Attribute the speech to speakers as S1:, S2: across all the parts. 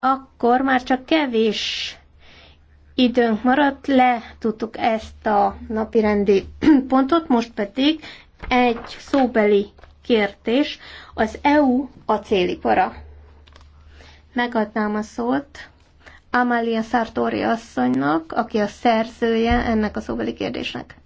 S1: akkor már csak kevés időnk maradt, le tudtuk ezt a napirendi pontot, most pedig egy szóbeli kérdés, az EU acélipara. Megadnám a szót Amalia Sartori asszonynak, aki a szerzője ennek a
S2: szóbeli
S3: kérdésnek.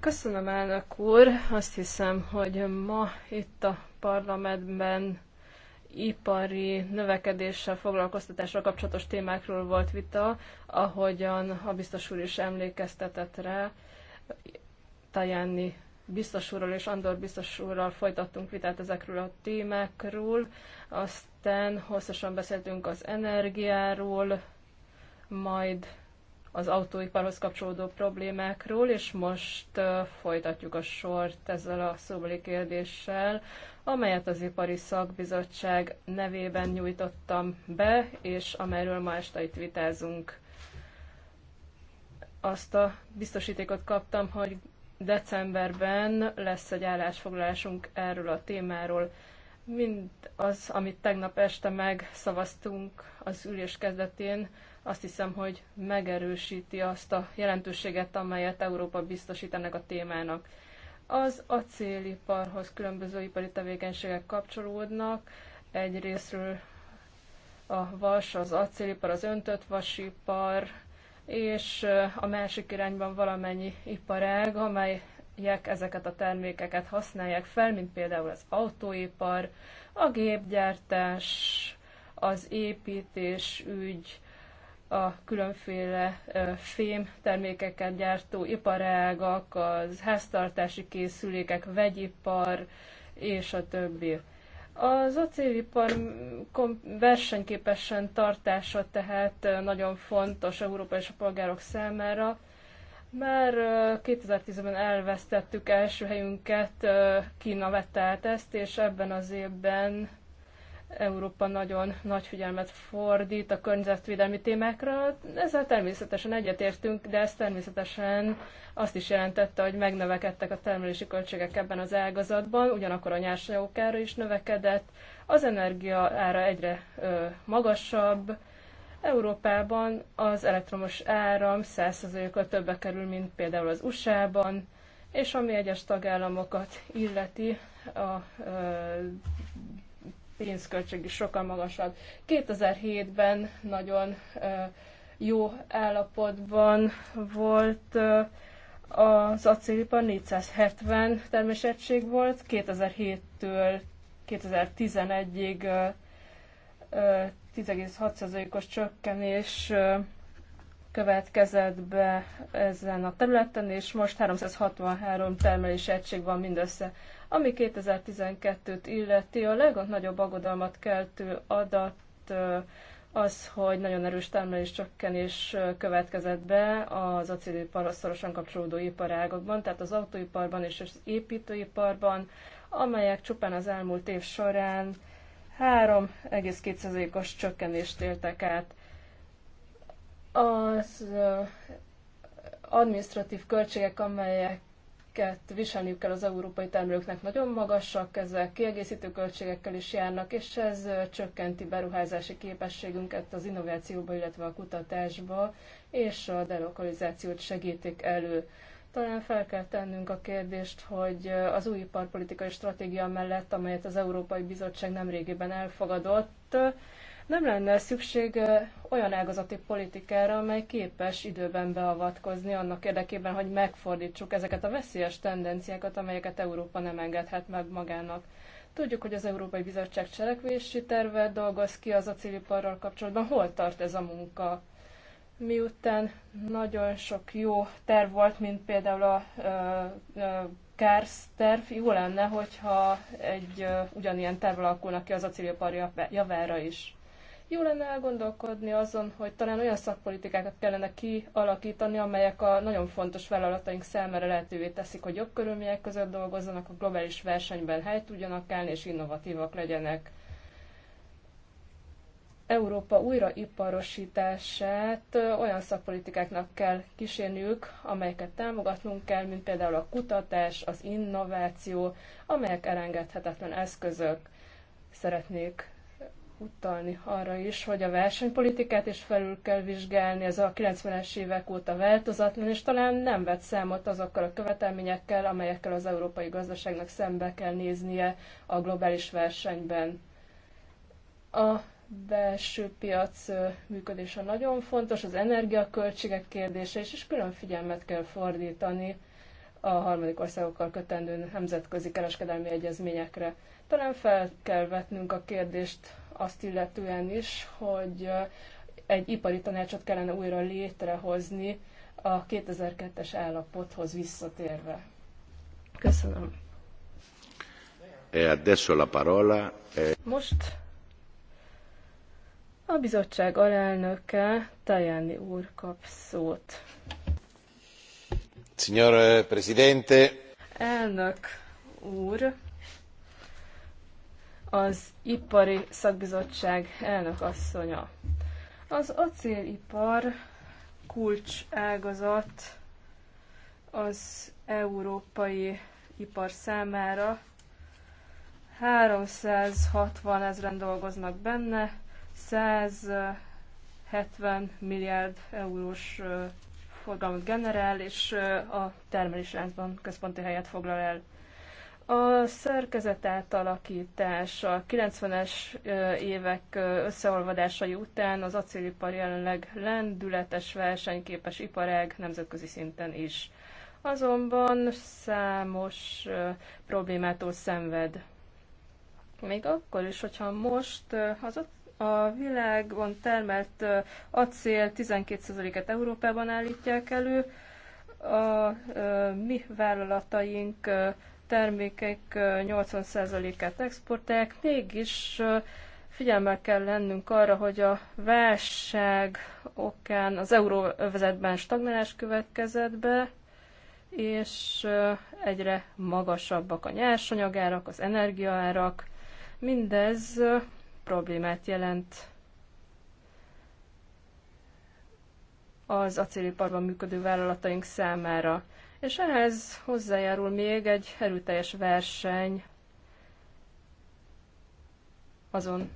S3: Köszönöm, elnök úr. Azt hiszem, hogy ma itt a parlamentben ipari növekedéssel, foglalkoztatással kapcsolatos témákról volt vita, ahogyan a biztos úr is emlékeztetett rá, Tajani biztos úrral és Andor biztos úrral folytattunk vitát ezekről a témákról, aztán hosszasan beszéltünk az energiáról, majd az autóiparhoz kapcsolódó problémákról, és most folytatjuk a sort ezzel a szóbeli kérdéssel, amelyet az Ipari Szakbizottság nevében nyújtottam be, és amelyről ma este itt vitázunk. Azt a biztosítékot kaptam, hogy decemberben lesz egy állásfoglalásunk erről a témáról. Mind az, amit tegnap este megszavaztunk az ülés kezdetén, azt hiszem, hogy megerősíti azt a jelentőséget, amelyet Európa biztosít ennek a témának. Az acéliparhoz különböző ipari tevékenységek kapcsolódnak. Egyrésztről a vas, az acélipar, az öntött vasipar, és a másik irányban valamennyi iparág, amelyek ezeket a termékeket használják fel, mint például az autóipar, a gépgyártás, az építés ügy, a különféle fém termékeket gyártó iparágak, az háztartási készülékek, vegyipar és a többi. Az acélipar versenyképesen tartása tehát nagyon fontos Európa és a polgárok számára. Már 2010-ben elvesztettük első helyünket, Kína vette át ezt, és ebben az évben Európa nagyon nagy figyelmet fordít a környezetvédelmi témákra. Ezzel természetesen egyetértünk, de ez természetesen azt is jelentette, hogy megnövekedtek a termelési költségek ebben az ágazatban, ugyanakkor a nyersanyagok ára is növekedett, az energia ára egyre ö, magasabb, Európában az elektromos áram 100%-kal többe kerül, mint például az USA-ban, és ami egyes tagállamokat illeti, a ö, pénzköltség is sokkal magasabb. 2007-ben nagyon jó állapotban volt az acélipar, 470 termésegység volt, 2007-től 2011-ig 10,6%-os csökkenés következett be ezen a területen, és most 363 termelés egység van mindössze. Ami 2012-t illeti, a legnagyobb aggodalmat keltő adat az, hogy nagyon erős termelés csökkenés következett be az acéliparhoz szorosan kapcsolódó iparágokban, tehát az autóiparban és az építőiparban, amelyek csupán az elmúlt év során 3,2%-os csökkenést éltek át. Az administratív költségek, amelyek amiket viselniük kell az európai termelőknek, nagyon magasak, ezek kiegészítő költségekkel is járnak, és ez csökkenti beruházási képességünket az innovációba, illetve a kutatásba, és a delokalizációt segítik elő. Talán fel kell tennünk a kérdést, hogy az új iparpolitikai stratégia mellett, amelyet az Európai Bizottság nemrégiben elfogadott, nem lenne szükség olyan ágazati politikára, amely képes időben beavatkozni annak érdekében, hogy megfordítsuk ezeket a veszélyes tendenciákat, amelyeket Európa nem engedhet meg magának. Tudjuk, hogy az Európai Bizottság cselekvési terve dolgoz ki az acéliparral kapcsolatban. Hol tart ez a munka? Miután nagyon sok jó terv volt, mint például a ö, terv, jó lenne, hogyha egy ugyanilyen terv alakulna ki az acélipar javára is. Jó lenne elgondolkodni azon, hogy talán olyan szakpolitikákat kellene kialakítani, amelyek a nagyon fontos vállalataink számára lehetővé teszik, hogy jobb körülmények között dolgozzanak, a globális versenyben helyt tudjanak állni és innovatívak legyenek. Európa újraiparosítását olyan szakpolitikáknak kell kísérniük, amelyeket támogatnunk kell, mint például a kutatás, az innováció, amelyek elengedhetetlen eszközök. Szeretnék utalni arra is, hogy a versenypolitikát is felül kell vizsgálni, ez a 90-es évek óta változatlan, és talán nem vett számot azokkal a követelményekkel, amelyekkel az európai gazdaságnak szembe kell néznie a globális versenyben. A belső piac működése nagyon fontos, az energiaköltségek kérdése is, és külön figyelmet kell fordítani a harmadik országokkal kötendő nemzetközi kereskedelmi egyezményekre. Talán fel kell vetnünk a kérdést azt illetően is, hogy egy ipari tanácsot kellene újra létrehozni a 2002-es állapothoz visszatérve. Köszönöm.
S1: E la parola. Eh,
S3: Most a bizottság alelnöke Tajani úr kap szót.
S1: Signor Presidente.
S3: Elnök úr, az Ipari Szakbizottság elnök asszonya. Az acélipar kulcs ágazat az európai ipar számára. 360 ezeren dolgoznak benne, 170 milliárd eurós forgalmat generál, és a termelésláncban központi helyet foglal el. A szerkezet átalakítás a 90-es évek összeolvadásai után az acélipar jelenleg lendületes versenyképes iparág nemzetközi szinten is. Azonban számos problémától szenved. Még akkor is, hogyha most az a világon termelt acél 12%-et Európában állítják elő, a mi vállalataink termékek 80%-át exportálják, mégis figyelmel kell lennünk arra, hogy a válság okán az euróvezetben stagnálás következett be, és egyre magasabbak a nyersanyagárak, az energiaárak. Mindez problémát jelent az acéliparban működő vállalataink számára. És ehhez hozzájárul még egy erőteljes verseny azon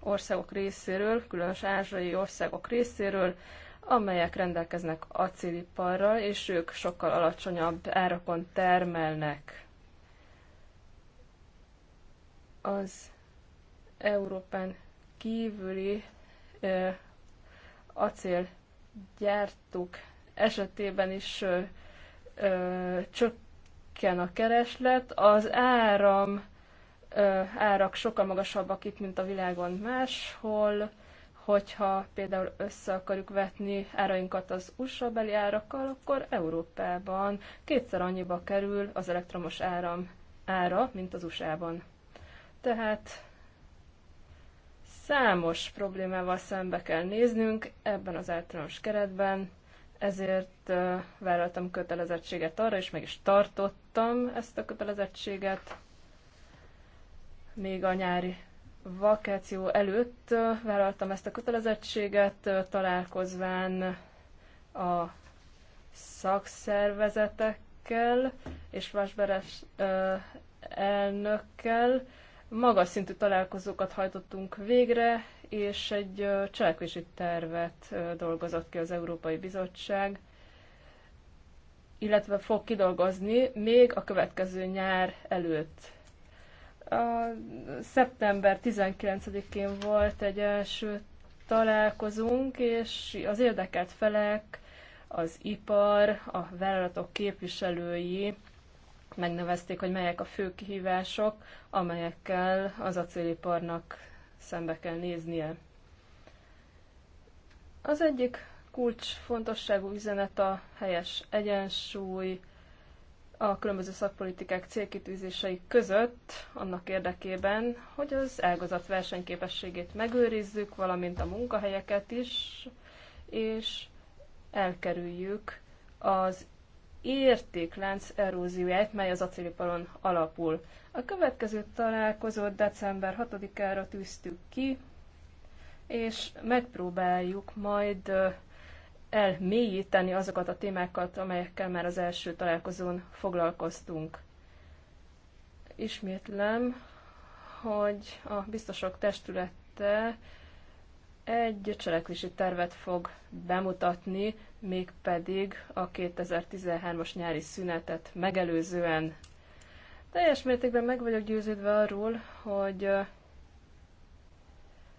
S3: országok részéről, különös ázsiai országok részéről, amelyek rendelkeznek acéliparral, és ők sokkal alacsonyabb árakon termelnek. Az Európán kívüli acélgyártók esetében is ö, csökken a kereslet, az áram ö, árak sokkal magasabbak itt, mint a világon máshol, hogyha például össze akarjuk vetni árainkat az USA beli árakkal, akkor Európában kétszer annyiba kerül az elektromos áram ára, mint az USA-ban. Tehát számos problémával szembe kell néznünk ebben az általános keretben, ezért vállaltam kötelezettséget arra, és meg is tartottam ezt a kötelezettséget. Még a nyári vakáció előtt vállaltam ezt a kötelezettséget, találkozván a szakszervezetekkel és Vasberes elnökkel, magas szintű találkozókat hajtottunk végre, és egy cselekvési tervet dolgozott ki az Európai Bizottság, illetve fog kidolgozni még a következő nyár előtt. A szeptember 19-én volt egy első találkozunk, és az érdekelt felek, az ipar, a vállalatok képviselői megnevezték, hogy melyek a fő kihívások, amelyekkel az acéliparnak szembe kell néznie. Az egyik kulcsfontosságú üzenet a helyes egyensúly a különböző szakpolitikák célkitűzései között annak érdekében, hogy az ágazat versenyképességét megőrizzük, valamint a munkahelyeket is, és elkerüljük az értéklánc erózióját, mely az acéliparon alapul. A következő találkozót december 6-ára tűztük ki, és megpróbáljuk majd elmélyíteni azokat a témákat, amelyekkel már az első találkozón foglalkoztunk. Ismétlem, hogy a biztosok testülete egy cselekvési tervet fog bemutatni, mégpedig a 2013-as nyári szünetet megelőzően. Teljes mértékben meg vagyok győződve arról, hogy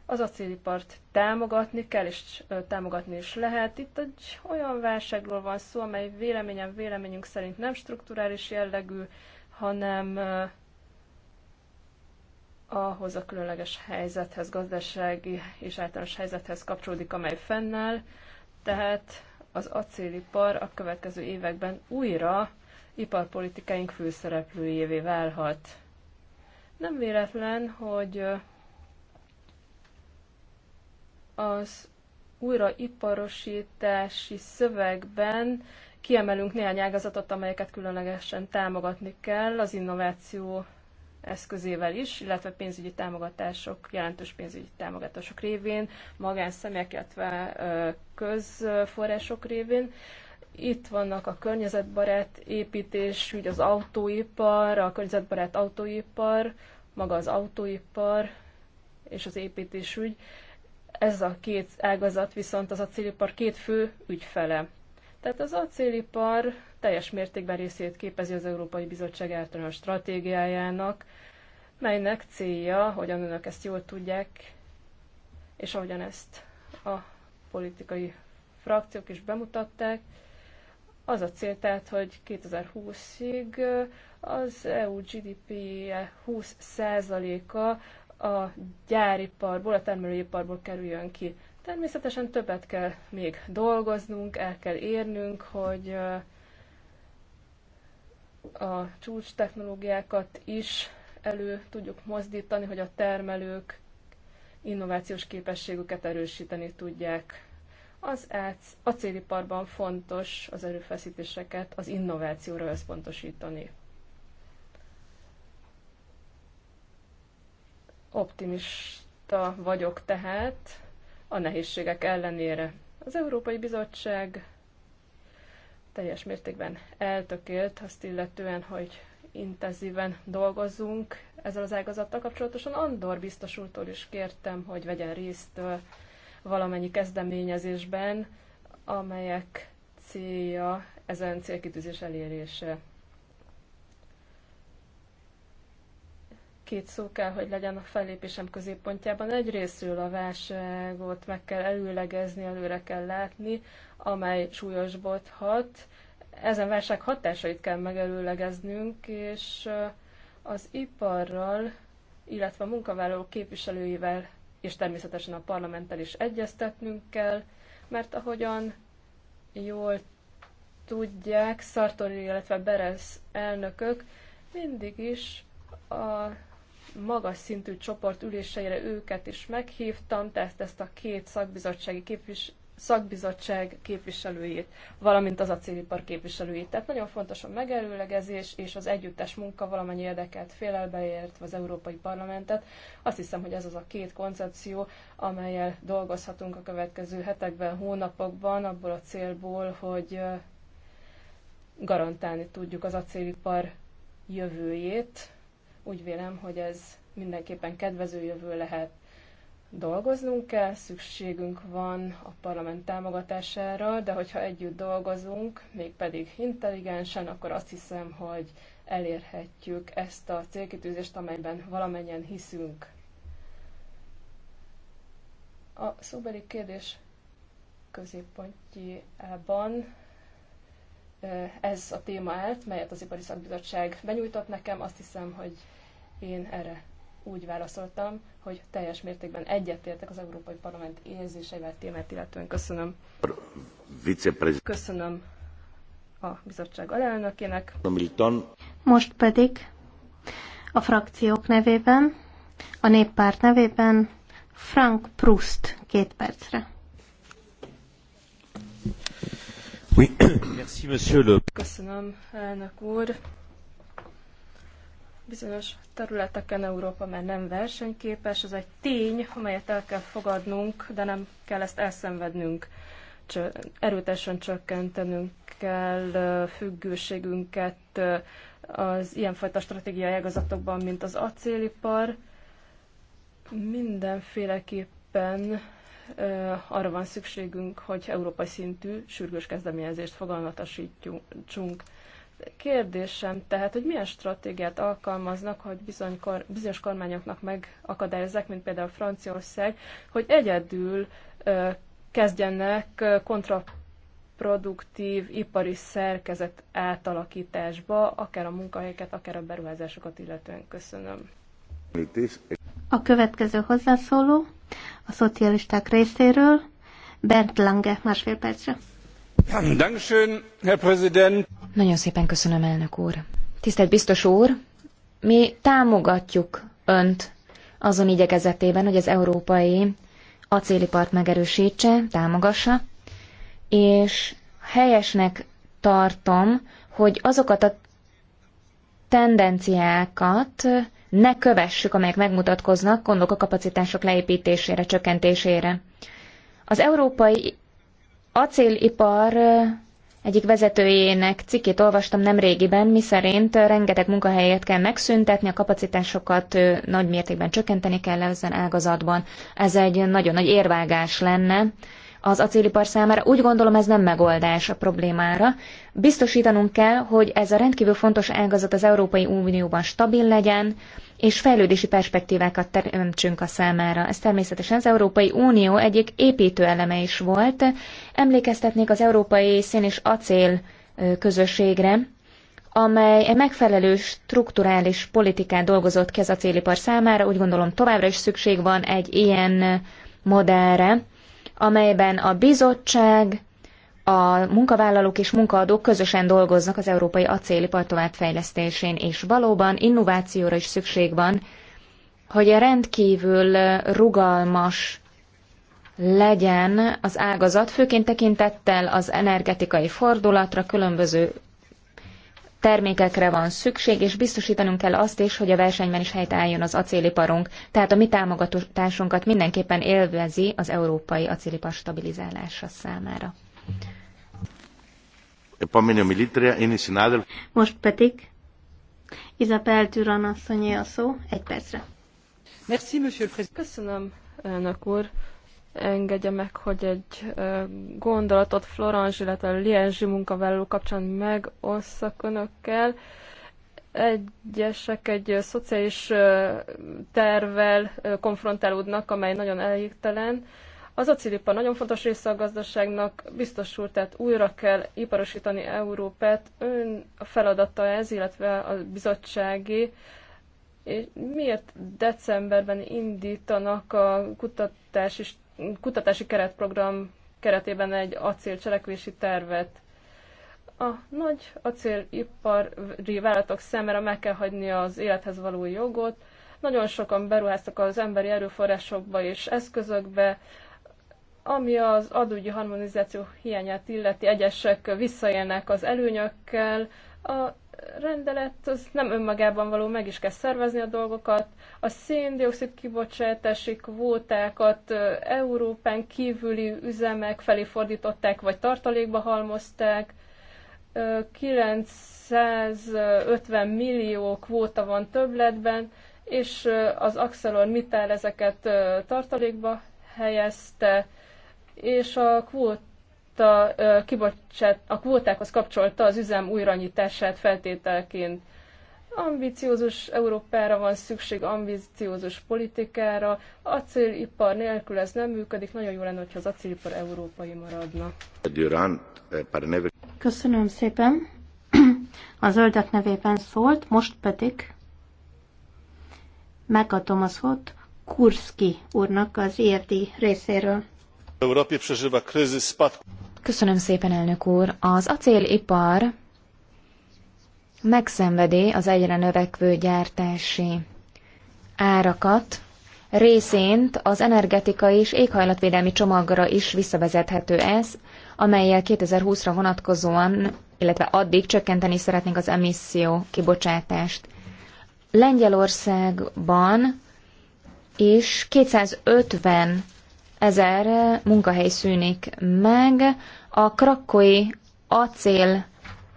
S3: az acélipart támogatni kell, és támogatni is lehet. Itt egy olyan válságról van szó, amely véleményem véleményünk szerint nem strukturális jellegű, hanem ahhoz a különleges helyzethez, gazdasági és általános helyzethez kapcsolódik, amely fennáll. Tehát az acélipar a következő években újra iparpolitikáink főszereplőjévé válhat. Nem véletlen, hogy az újraiparosítási szövegben kiemelünk néhány ágazatot, amelyeket különlegesen támogatni kell, az innováció eszközével is, illetve pénzügyi támogatások, jelentős pénzügyi támogatások révén, magánszemélyek, illetve közforrások révén. Itt vannak a környezetbarát építés, ugye az autóipar, a környezetbarát autóipar, maga az autóipar és az építésügy. Ez a két ágazat viszont az acélipar két fő ügyfele. Tehát az acélipar teljes mértékben részét képezi az Európai Bizottság általános stratégiájának, melynek célja, hogyan önök ezt jól tudják, és ahogyan ezt a politikai frakciók is bemutatták, az a cél tehát, hogy 2020-ig az EU gdp -je 20%-a a gyáriparból, a termelőiparból kerüljön ki. Természetesen többet kell még dolgoznunk, el kell érnünk, hogy a csúcs technológiákat is elő tudjuk mozdítani, hogy a termelők innovációs képességüket erősíteni tudják. Az acéliparban fontos az erőfeszítéseket az innovációra összpontosítani. Optimista vagyok tehát a nehézségek ellenére. Az Európai Bizottság teljes mértékben eltökélt azt illetően, hogy intenzíven dolgozzunk ezzel az ágazattal kapcsolatosan. Andor biztos úrtól is kértem, hogy vegyen részt valamennyi kezdeményezésben, amelyek célja ezen célkitűzés elérése. két szó kell, hogy legyen a fellépésem középpontjában. Egyrésztről a válságot meg kell előlegezni, előre kell látni, amely hat, Ezen válság hatásait kell megelőlegeznünk, és az iparral, illetve a munkavállalók képviselőivel és természetesen a parlamenttel is egyeztetnünk kell, mert ahogyan jól tudják, Szartori, illetve Beresz elnökök mindig is a magas szintű csoport üléseire őket is meghívtam, tehát ezt a két szakbizottsági képvis, szakbizottság képviselőjét, valamint az acélipar képviselőjét. Tehát nagyon fontos a megerőlegezés és az együttes munka valamennyi érdeket félelbeértve az Európai Parlamentet. Azt hiszem, hogy ez az a két koncepció, amelyel dolgozhatunk a következő hetekben, hónapokban, abból a célból, hogy garantálni tudjuk az acélipar jövőjét, úgy vélem, hogy ez mindenképpen kedvező jövő lehet. Dolgoznunk kell, szükségünk van a parlament támogatására, de hogyha együtt dolgozunk, mégpedig intelligensen, akkor azt hiszem, hogy elérhetjük ezt a célkitűzést, amelyben valamennyien hiszünk. A szóbeli kérdés középpontjában eh, ez a téma állt, melyet az Ipari Szakbizottság benyújtott nekem. Azt hiszem, hogy én erre úgy válaszoltam, hogy teljes mértékben egyetértek az Európai Parlament érzéseivel témát illetően. Köszönöm. Köszönöm a bizottság alelnökének.
S1: Most pedig a frakciók nevében, a néppárt nevében Frank Proust két percre. Oui. Merci, monsieur le...
S3: Köszönöm, elnök úr. Bizonyos területeken Európa már nem versenyképes, ez egy tény, amelyet el kell fogadnunk, de nem kell ezt elszenvednünk. Erőteljesen csökkentenünk kell függőségünket az ilyenfajta stratégiai ágazatokban, mint az acélipar. Mindenféleképpen arra van szükségünk, hogy európai szintű sürgős kezdeményezést fogalmatosítsunk. Kérdésem tehát, hogy milyen stratégiát alkalmaznak, hogy bizony kor, bizonyos kormányoknak megakadályozzák, mint például Franciaország, hogy egyedül ö, kezdjenek kontraproduktív ipari szerkezet átalakításba, akár a munkahelyeket, akár a beruházásokat illetően. Köszönöm.
S1: A következő hozzászóló a szocialisták részéről,
S2: Bernd Lange, másfél percre.
S3: Dankeschön, Herr Präsident.
S2: Nagyon szépen köszönöm, elnök úr. Tisztelt biztos úr, mi támogatjuk önt azon igyekezetében, hogy az európai acélipart megerősítse, támogassa, és helyesnek tartom, hogy azokat a tendenciákat ne kövessük, amelyek megmutatkoznak, gondolok a kapacitások leépítésére, csökkentésére. Az európai acélipar egyik vezetőjének cikkét olvastam nemrégiben, miszerint rengeteg munkahelyet kell megszüntetni, a kapacitásokat nagy mértékben csökkenteni kell ezen ágazatban. Ez egy nagyon nagy érvágás lenne az acélipar számára. Úgy gondolom ez nem megoldás a problémára. Biztosítanunk kell, hogy ez a rendkívül fontos ágazat az Európai Unióban stabil legyen, és fejlődési perspektívákat teremtsünk a számára. Ez természetesen az Európai Unió egyik építőeleme is volt. Emlékeztetnék az Európai Szén és Acél közösségre, amely egy megfelelő strukturális politikát dolgozott ki az acélipar számára. Úgy gondolom továbbra is szükség van egy ilyen modellre, amelyben a bizottság, a munkavállalók és munkaadók közösen dolgoznak az európai acélipar továbbfejlesztésén, és valóban innovációra is szükség van, hogy rendkívül rugalmas legyen az ágazat, főként tekintettel az energetikai fordulatra, különböző termékekre van szükség, és biztosítanunk kell azt is, hogy a versenyben is helyt álljon az acéliparunk. Tehát a mi támogatásunkat mindenképpen élvezi az európai acélipar stabilizálása számára.
S1: Most pedig Izabel Duran asszonyé a szó, egy
S3: percre. Merci, monsieur le Köszönöm, elnök úr. Engedje meg, hogy egy gondolatot Florence, illetve Lienzsi munkavállaló kapcsán megosszak önökkel egyesek egy szociális tervvel konfrontálódnak, amely nagyon elégtelen, az acélipar nagyon fontos része a gazdaságnak, biztos úr, tehát újra kell iparosítani Európát, ön a feladata ez, illetve a bizottsági, és miért decemberben indítanak a kutatási, kutatási keretprogram keretében egy cselekvési tervet? A nagy acélipari vállalatok szemére meg kell hagyni az élethez való jogot. Nagyon sokan beruháztak az emberi erőforrásokba és eszközökbe, ami az adógyi harmonizáció hiányát illeti, egyesek visszaélnek az előnyökkel, a rendelet az nem önmagában való, meg is kell szervezni a dolgokat. A széndiokszid kibocsátási kvótákat Európán kívüli üzemek felé fordították, vagy tartalékba halmozták. 950 millió kvóta van többletben, és az Axelor Mittal ezeket tartalékba helyezte és a kvóta kibocsát, a kvótákhoz kapcsolta az üzem újranyitását feltételként. Ambiciózus Európára van szükség, ambiciózus politikára. Acélipar nélkül ez nem működik. Nagyon jó lenne, hogyha az acélipar európai maradna. Eh, Köszönöm
S1: szépen. A zöldek nevében szólt, most pedig megadom a szót Kurszki úrnak az érdi e részéről.
S2: Köszönöm szépen, elnök úr. Az acélipar megszenvedi az egyre növekvő gyártási árakat, részént az energetikai és éghajlatvédelmi csomagra is visszavezethető ez, amelyel 2020-ra vonatkozóan, illetve addig csökkenteni szeretnénk az emisszió kibocsátást. Lengyelországban is 250 ezer munkahely szűnik meg. A krakkói acél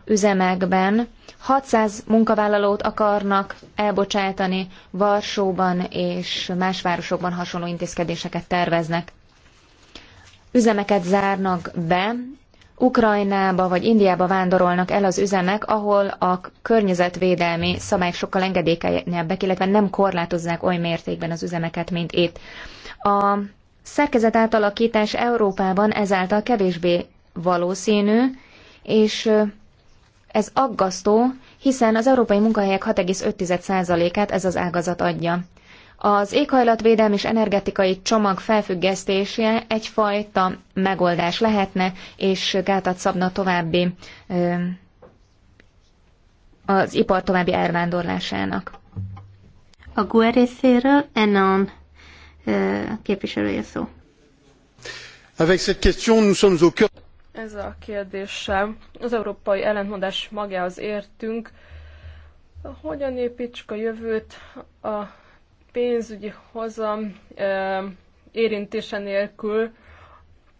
S2: üzemekben 600 munkavállalót akarnak elbocsátani, Varsóban és más városokban hasonló intézkedéseket terveznek. Üzemeket zárnak be, Ukrajnába vagy Indiába vándorolnak el az üzemek, ahol a környezetvédelmi szabályok sokkal engedékenyebbek, illetve nem korlátozzák oly mértékben az üzemeket, mint itt. A szerkezet átalakítás Európában ezáltal kevésbé valószínű, és ez aggasztó, hiszen az európai munkahelyek 6,5%-át ez az ágazat adja. Az éghajlatvédelmi és energetikai csomag felfüggesztése egyfajta megoldás lehetne, és gátat szabna további az ipar további elvándorlásának. A
S1: GUE részéről Enon képviselője szó. Avec cette question, nous sommes au cœur.
S3: Ez a kérdéssel az európai ellentmondás magához értünk. Hogyan építsük a jövőt a pénzügyi hozam érintése nélkül?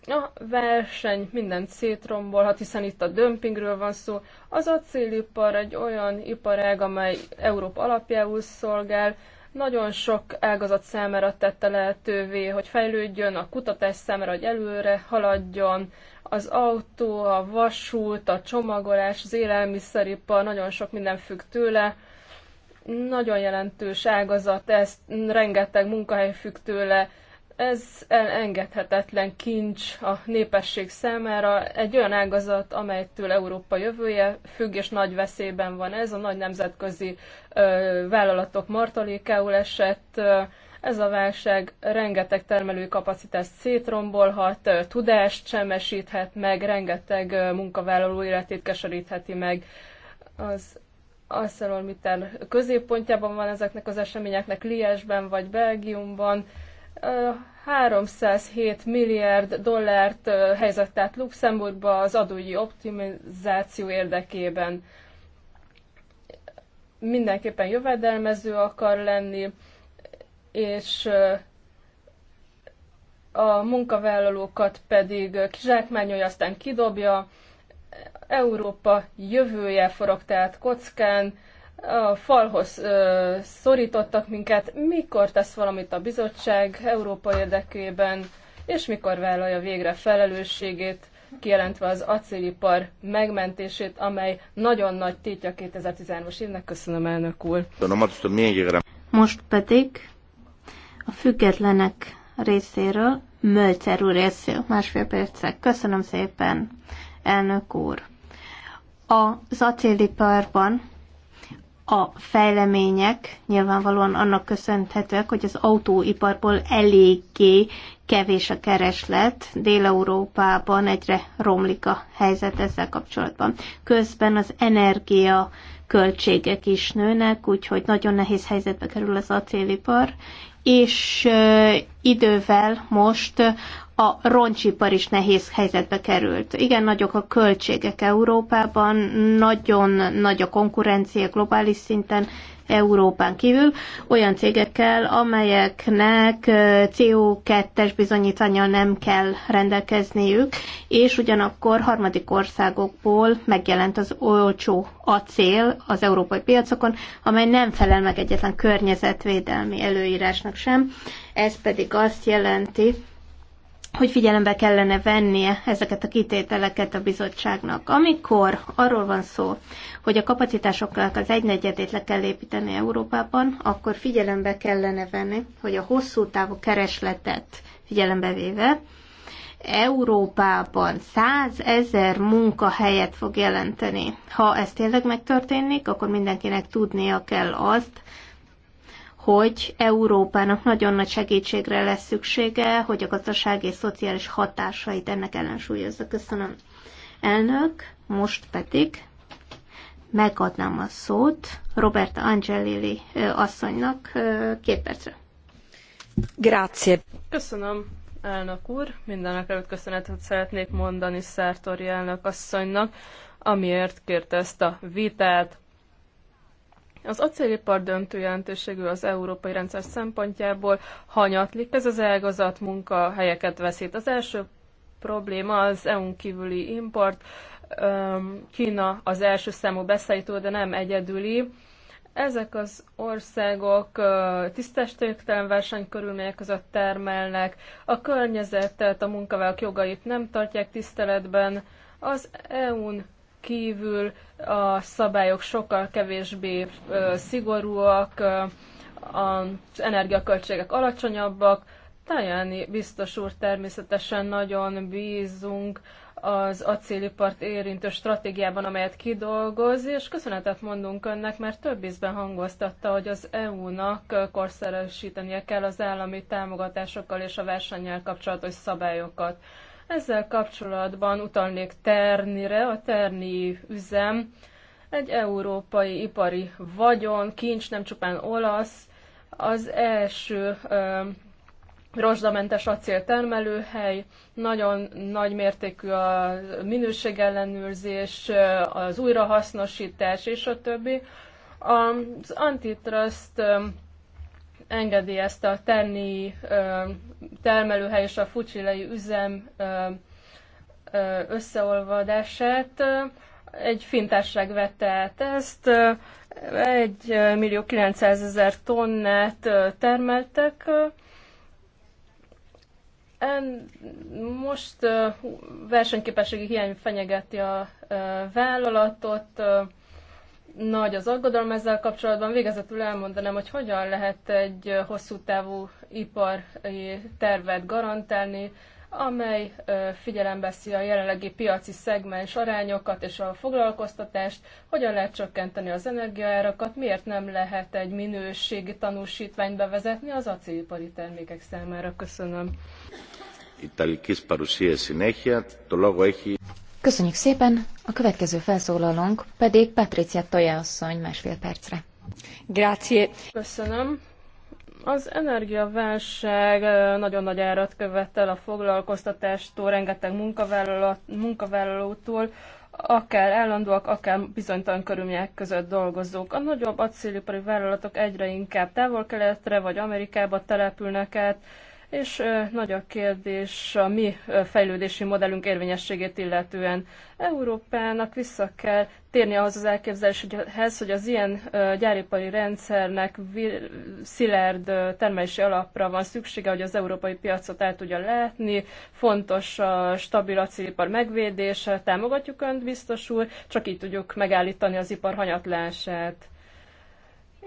S3: a verseny mindent szétrombolhat, hiszen itt a dömpingről van szó. Az acélipar egy olyan iparág, amely Európa alapjául szolgál, nagyon sok ágazat számára tette lehetővé, hogy fejlődjön, a kutatás számára, hogy előre haladjon, az autó, a vasút, a csomagolás, az élelmiszeripar, nagyon sok minden függ tőle. Nagyon jelentős ágazat, ez rengeteg munkahely függ tőle, ez elengedhetetlen kincs a népesség számára, egy olyan ágazat, amelytől Európa jövője függ és nagy veszélyben van. Ez a nagy nemzetközi ö, vállalatok martalékául esett, ö, ez a válság rengeteg termelői kapacitást szétrombolhat, tudást semmesíthet meg, rengeteg munkavállaló életét keserítheti meg. Az ArcelorMittal középpontjában van ezeknek az eseményeknek, Liesben vagy Belgiumban, 307 milliárd dollárt helyezett át Luxemburgba az adógyi optimizáció érdekében. Mindenképpen jövedelmező akar lenni, és a munkavállalókat pedig kizsákmányolja, aztán kidobja. Európa jövője forog tehát kockán, a falhoz ö, szorítottak minket, mikor tesz valamit a bizottság Európa érdekében, és mikor vállalja végre felelősségét, kijelentve az acélipar megmentését, amely nagyon nagy tétje 2013-as évnek. Köszönöm, elnök úr.
S1: Most pedig a függetlenek részéről Mölcer úr részél, másfél percek. Köszönöm szépen, elnök úr. Az acéliparban a fejlemények nyilvánvalóan annak köszönhetőek, hogy az autóiparból eléggé kevés a kereslet. Dél-Európában egyre romlik a helyzet ezzel kapcsolatban. Közben az energia költségek is nőnek, úgyhogy nagyon nehéz helyzetbe kerül az acélipar, és idővel most a roncsipar is nehéz helyzetbe került. Igen, nagyok a költségek Európában, nagyon nagy a konkurencia globális szinten, Európán kívül olyan cégekkel, amelyeknek CO2-es bizonyítványal nem kell rendelkezniük, és ugyanakkor harmadik országokból megjelent az olcsó acél az európai piacokon, amely nem felel meg egyetlen környezetvédelmi előírásnak sem, ez pedig azt jelenti, hogy figyelembe kellene vennie ezeket a kitételeket a bizottságnak. Amikor arról van szó, hogy a kapacitásoknak az egynegyedét le kell építeni Európában, akkor figyelembe kellene venni, hogy a hosszú távú keresletet figyelembe véve, Európában 100 ezer munkahelyet fog jelenteni. Ha ez tényleg megtörténik, akkor mindenkinek tudnia kell azt, hogy Európának nagyon nagy segítségre lesz szüksége, hogy a gazdasági és szociális hatásait ennek ellensúlyozza. Köszönöm. Elnök, most pedig megadnám a szót Roberta Angelilli asszonynak két percre. Grazie.
S3: Köszönöm, elnök úr. Mindenek előtt köszönetet szeretnék mondani Szertori elnök asszonynak, amiért kérte ezt a vitát, az acélipar döntő jelentőségű az európai rendszer szempontjából hanyatlik, ez az munka munkahelyeket veszít. Az első probléma az EU-n kívüli import, Kína az első számú beszállító, de nem egyedüli. Ezek az országok tisztestőktelen versenykörülmények között termelnek, a környezetet, a munkavállalók jogait nem tartják tiszteletben, az EU-n kívül a szabályok sokkal kevésbé szigorúak, az energiaköltségek alacsonyabbak. Tajani biztos úr természetesen nagyon bízunk az acélipart érintő stratégiában, amelyet kidolgoz, és köszönetet mondunk önnek, mert több ízben hangoztatta, hogy az EU-nak korszerűsítenie kell az állami támogatásokkal és a versennyel kapcsolatos szabályokat. Ezzel kapcsolatban utalnék Ternire, a Terni üzem, egy európai ipari vagyon, kincs, nem csupán olasz, az első ö, rozsdamentes acéltermelőhely, nagyon nagy mértékű a minőségellenőrzés, az újrahasznosítás és a többi. Az antitrust engedélyezte a tenni termelőhely és a fucsilei üzem összeolvadását. Egy fintárság vette át ezt, 1 millió 900 ezer tonnát termeltek. Most versenyképességi hiány fenyegeti a vállalatot, nagy az aggodalom ezzel kapcsolatban. Végezetül elmondanám, hogy hogyan lehet egy hosszú távú ipari tervet garantálni, amely figyelembeszi a jelenlegi piaci szegmens arányokat és a foglalkoztatást, hogyan lehet csökkenteni az energiaárakat, miért nem lehet egy minőségi tanúsítványt bevezetni az acélipari termékek számára. Köszönöm.
S1: Ιταλικής παρουσίας συνέχεια. Το λόγο έχει
S2: Köszönjük szépen, a következő felszólalónk pedig Patricia Toja asszony másfél percre. Grazie.
S3: Köszönöm. Az energiaválság nagyon nagy árat követel a foglalkoztatástól, rengeteg munkavállalótól, akár állandóak, akár bizonytalan körülmények között dolgozók. A nagyobb acélipari vállalatok egyre inkább távol-keletre vagy Amerikába települnek át, és nagy a kérdés a mi fejlődési modellünk érvényességét illetően. Európának vissza kell térni ahhoz az elképzeléshez, hogy az ilyen gyáripari rendszernek szilárd termelési alapra van szüksége, hogy az európai piacot el tudja látni, fontos a stabil acélipar megvédése, támogatjuk Önt, biztos úr, csak így tudjuk megállítani az ipar hanyatlását.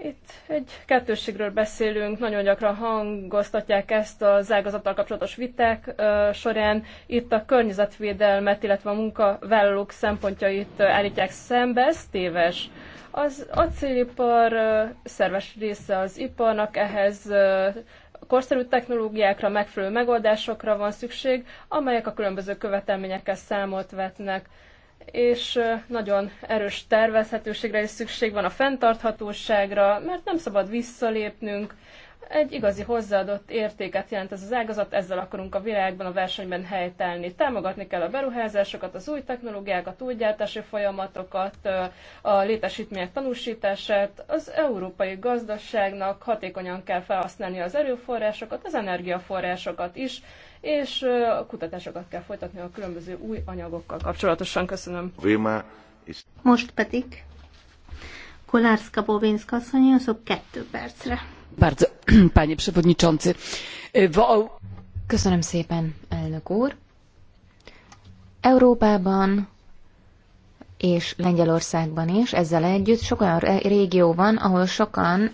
S3: Itt egy kettősségről beszélünk, nagyon gyakran hangoztatják ezt az ágazattal kapcsolatos viták során. Itt a környezetvédelmet, illetve a munkavállalók szempontjait állítják szembe, ez téves. Az acélipar szerves része az iparnak, ehhez korszerű technológiákra, megfelelő megoldásokra van szükség, amelyek a különböző követelményekkel számot vetnek és nagyon erős tervezhetőségre is szükség van a fenntarthatóságra, mert nem szabad visszalépnünk. Egy igazi hozzáadott értéket jelent ez az ágazat, ezzel akarunk a világban, a versenyben helytelni. Támogatni kell a beruházásokat, az új technológiákat, új gyártási folyamatokat, a létesítmények tanúsítását. Az európai gazdaságnak hatékonyan kell felhasználni az erőforrásokat, az energiaforrásokat is, és a kutatásokat kell folytatni a különböző új anyagokkal kapcsolatosan. Köszönöm. Most pedig
S1: Kolárska Bobinska asszony, azok kettő
S3: percre. Bardzo,
S2: panie przewodniczący. E, Köszönöm szépen, elnök úr. Európában és Lengyelországban is. Ezzel együtt sok olyan régió van, ahol sokan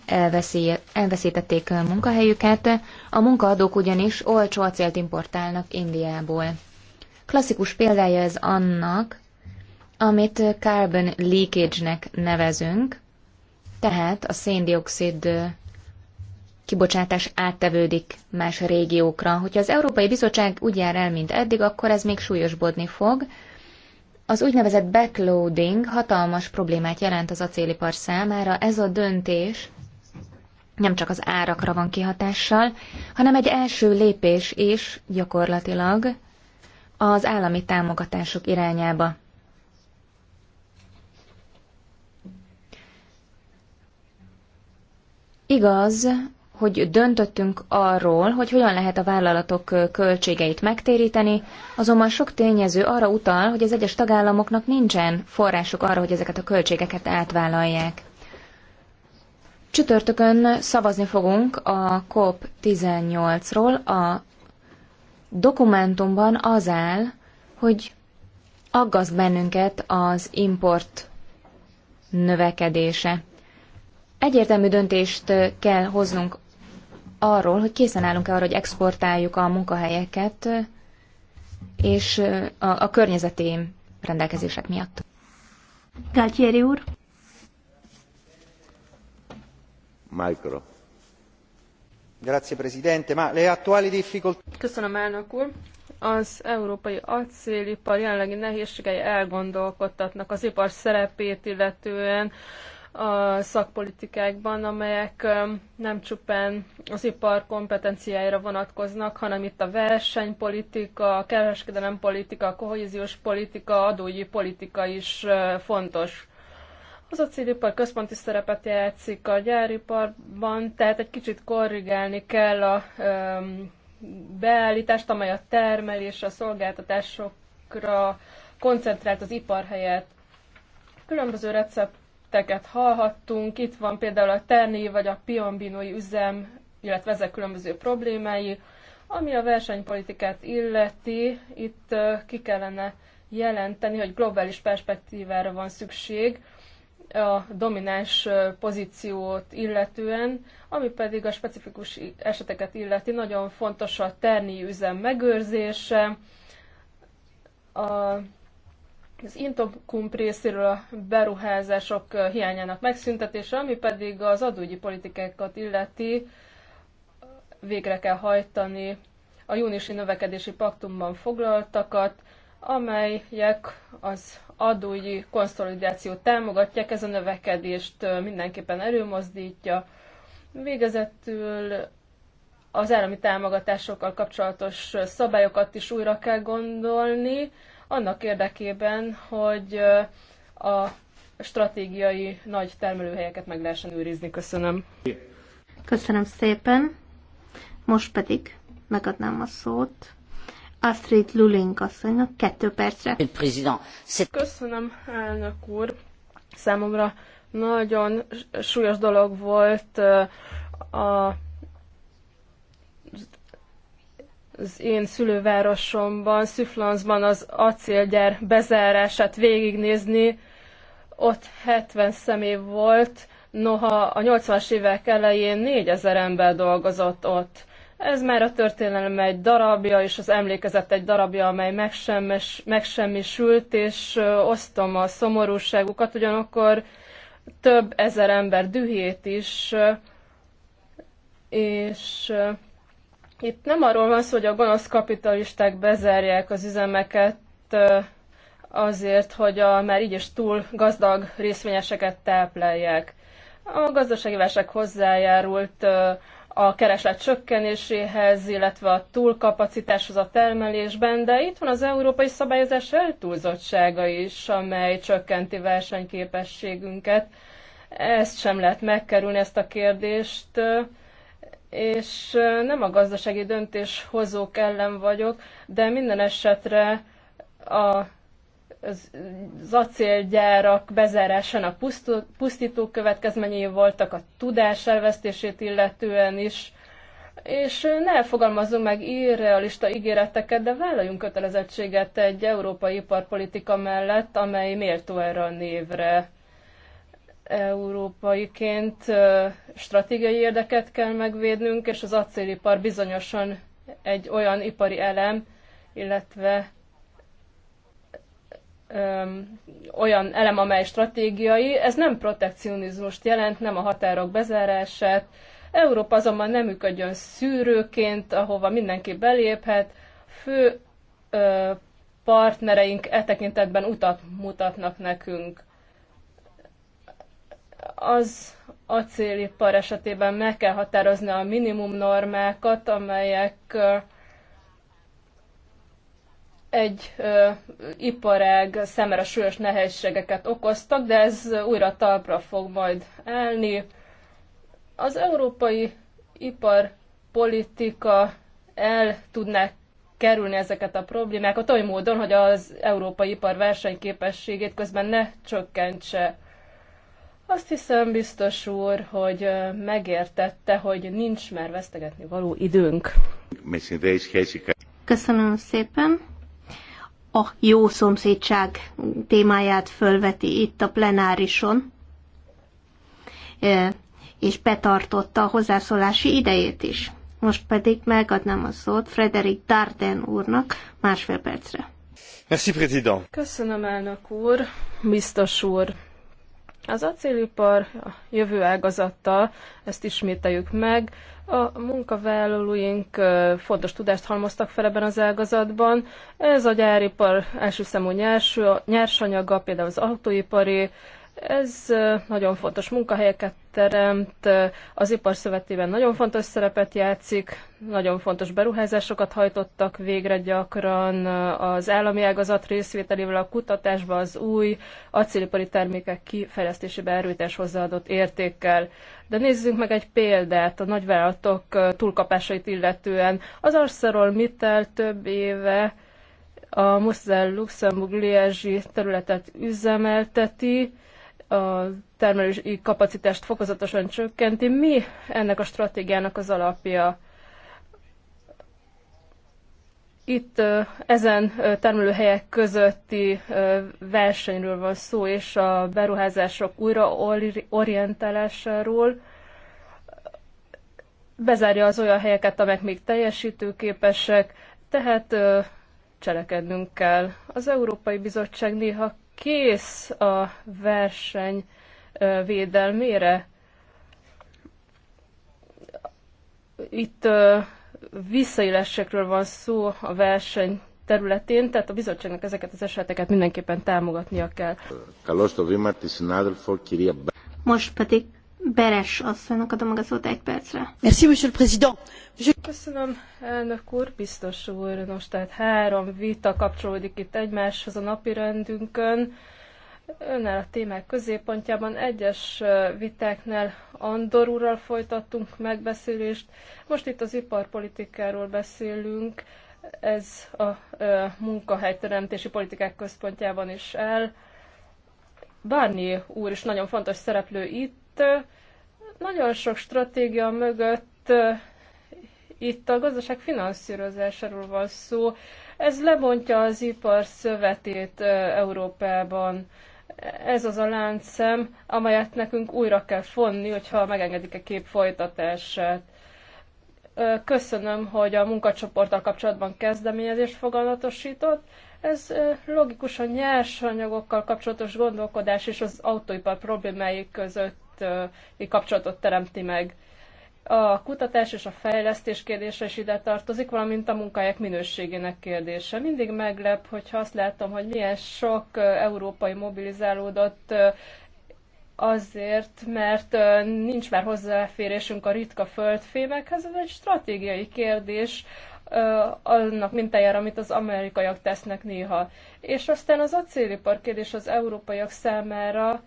S2: elveszítették a munkahelyüket, a munkaadók ugyanis olcsó acélt importálnak Indiából. Klasszikus példája ez annak, amit carbon leakage-nek nevezünk, tehát a széndiokszid kibocsátás áttevődik más régiókra. Hogyha az Európai Bizottság úgy jár el, mint eddig, akkor ez még súlyosbodni fog, az úgynevezett backloading hatalmas problémát jelent az acélipar számára. Ez a döntés nem csak az árakra van kihatással, hanem egy első lépés is gyakorlatilag az állami támogatások irányába. Igaz, hogy döntöttünk arról, hogy hogyan lehet a vállalatok költségeit megtéríteni, azonban sok tényező arra utal, hogy az egyes tagállamoknak nincsen forrásuk arra, hogy ezeket a költségeket átvállalják. Csütörtökön szavazni fogunk a COP18-ról. A dokumentumban az áll, hogy aggaszt bennünket az import növekedése. Egyértelmű döntést kell hoznunk arról, hogy készen állunk-e arra, hogy exportáljuk a munkahelyeket, és a, a környezeti rendelkezések miatt. Galtieri
S3: úr.
S1: Micro. Grazie, Presidente. Ma le attuali difficoltà...
S3: Köszönöm, elnök úr. Az európai acélipar jelenlegi nehézségei elgondolkodtatnak az ipar szerepét illetően, a szakpolitikákban, amelyek nem csupán az ipar kompetenciáira vonatkoznak, hanem itt a versenypolitika, a kereskedelempolitika, a kohéziós politika, adógyi politika is fontos. Az acélipar központi szerepet játszik a gyáriparban, tehát egy kicsit korrigálni kell a beállítást, amely a termelés, a szolgáltatásokra koncentrált az ipar helyett. Különböző recept teket hallhattunk. Itt van például a Terni vagy a Piombinói üzem, illetve ezek különböző problémái. Ami a versenypolitikát illeti, itt ki kellene jelenteni, hogy globális perspektívára van szükség a domináns pozíciót illetően, ami pedig a specifikus eseteket illeti, nagyon fontos a terni üzem megőrzése, a az Intokump részéről a beruházások hiányának megszüntetése, ami pedig az adógyi politikákat illeti, végre kell hajtani a júniusi növekedési paktumban foglaltakat, amelyek az adógyi konszolidációt támogatják, ez a növekedést mindenképpen erőmozdítja. Végezetül az állami támogatásokkal kapcsolatos szabályokat is újra kell gondolni, annak érdekében, hogy a stratégiai nagy termelőhelyeket meg lehessen őrizni. Köszönöm.
S1: Köszönöm szépen. Most pedig megadnám a szót Astrid Luling asszonynak kettő percre.
S3: Köszönöm, elnök úr. Számomra nagyon súlyos dolog volt a az én szülővárosomban, Szüflanszban az acélgyár bezárását végignézni, ott 70 személy volt, noha a 80-as évek elején 4000 ember dolgozott ott. Ez már a történelem egy darabja, és az emlékezet egy darabja, amely megsemmis, megsemmisült, és osztom a szomorúságukat, ugyanakkor több ezer ember dühét is, és itt nem arról van szó, hogy a gonosz kapitalisták bezárják az üzemeket azért, hogy a már így is túl gazdag részvényeseket táplálják. A gazdasági válság hozzájárult a kereslet csökkenéséhez, illetve a túlkapacitáshoz a termelésben, de itt van az európai szabályozás eltúlzottsága is, amely csökkenti versenyképességünket. Ezt sem lehet megkerülni, ezt a kérdést és nem a gazdasági döntéshozók ellen vagyok, de minden esetre a az acélgyárak bezárásának pusztó, pusztító következményei voltak a tudás elvesztését illetően is, és ne fogalmazunk meg irrealista ígéreteket, de vállaljunk kötelezettséget egy európai iparpolitika mellett, amely méltó erre a névre európaiként stratégiai érdeket kell megvédnünk, és az acélipar bizonyosan egy olyan ipari elem, illetve öm, olyan elem, amely stratégiai. Ez nem protekcionizmust jelent, nem a határok bezárását. Európa azonban nem működjön szűrőként, ahova mindenki beléphet. Fő ö, partnereink e tekintetben utat mutatnak nekünk az acélipar esetében meg kell határozni a minimum normákat, amelyek egy ö, iparág szemre súlyos nehézségeket okoztak, de ez újra talpra fog majd állni. Az európai iparpolitika el tudná kerülni ezeket a problémákat oly módon, hogy az európai ipar versenyképességét közben ne csökkentse. Azt hiszem, biztos úr, hogy megértette, hogy nincs már vesztegetni való időnk.
S1: Köszönöm szépen. A jó szomszédság témáját fölveti itt a plenárison, és betartotta a hozzászólási idejét is. Most pedig megadnám a szót Frederik Darden úrnak másfél percre. Merci,
S3: Köszönöm, elnök úr, biztos úr. Az acélipar a jövő ágazata, ezt ismételjük meg, a munkavállalóink fontos tudást halmoztak fel ebben az ágazatban. Ez a gyáripar első számú nyers, nyersanyaga, például az autóipari, ez nagyon fontos munkahelyeket teremt, az ipar szövetében nagyon fontos szerepet játszik, nagyon fontos beruházásokat hajtottak végre gyakran, az állami ágazat részvételével a kutatásba az új acélipari termékek kifejlesztésébe erőtes hozzáadott értékkel. De nézzünk meg egy példát a nagyvállalatok túlkapásait illetően. Az Arcelor Mittel több éve a Mosel Luxemburg Liezsi területet üzemelteti, a termelői kapacitást fokozatosan csökkenti. Mi ennek a stratégiának az alapja? Itt ezen termelőhelyek közötti versenyről van szó, és a beruházások újraorientálásáról bezárja az olyan helyeket, amelyek még teljesítőképesek, tehát cselekednünk kell. Az Európai Bizottság néha kész a verseny védelmére. Itt visszaélésekről van szó a verseny területén, tehát a bizottságnak ezeket az eseteket mindenképpen támogatnia kell. Most pedig Beres asszonynak adom a szót egy percre. Merci, monsieur le président. Je... Köszönöm, elnök úr, biztos úr. Nos, tehát három vita kapcsolódik itt egymáshoz a napi rendünkön. Önnel a témák középpontjában egyes vitáknál Andor úrral folytattunk megbeszélést. Most itt az iparpolitikáról beszélünk. Ez a, a munkahelyteremtési politikák központjában is el. Barney úr is nagyon fontos szereplő itt, nagyon sok stratégia mögött itt a gazdaság finanszírozásáról van szó. Ez lebontja az ipar szövetét Európában. Ez az a láncszem, amelyet nekünk újra kell fonni, hogyha megengedik a kép folytatását. Köszönöm, hogy a munkacsoporttal kapcsolatban kezdeményezést foganatosított. Ez logikusan nyersanyagokkal kapcsolatos gondolkodás és az autóipar problémái között kapcsolatot teremti meg. A kutatás és a fejlesztés kérdése is ide tartozik, valamint a munkáják minőségének kérdése. Mindig meglep, hogyha azt látom, hogy milyen sok európai mobilizálódott azért, mert nincs már hozzáférésünk a ritka földfémekhez, ez egy stratégiai kérdés, annak mintájára, amit az amerikaiak tesznek néha. És aztán az acélipar kérdés az európaiak számára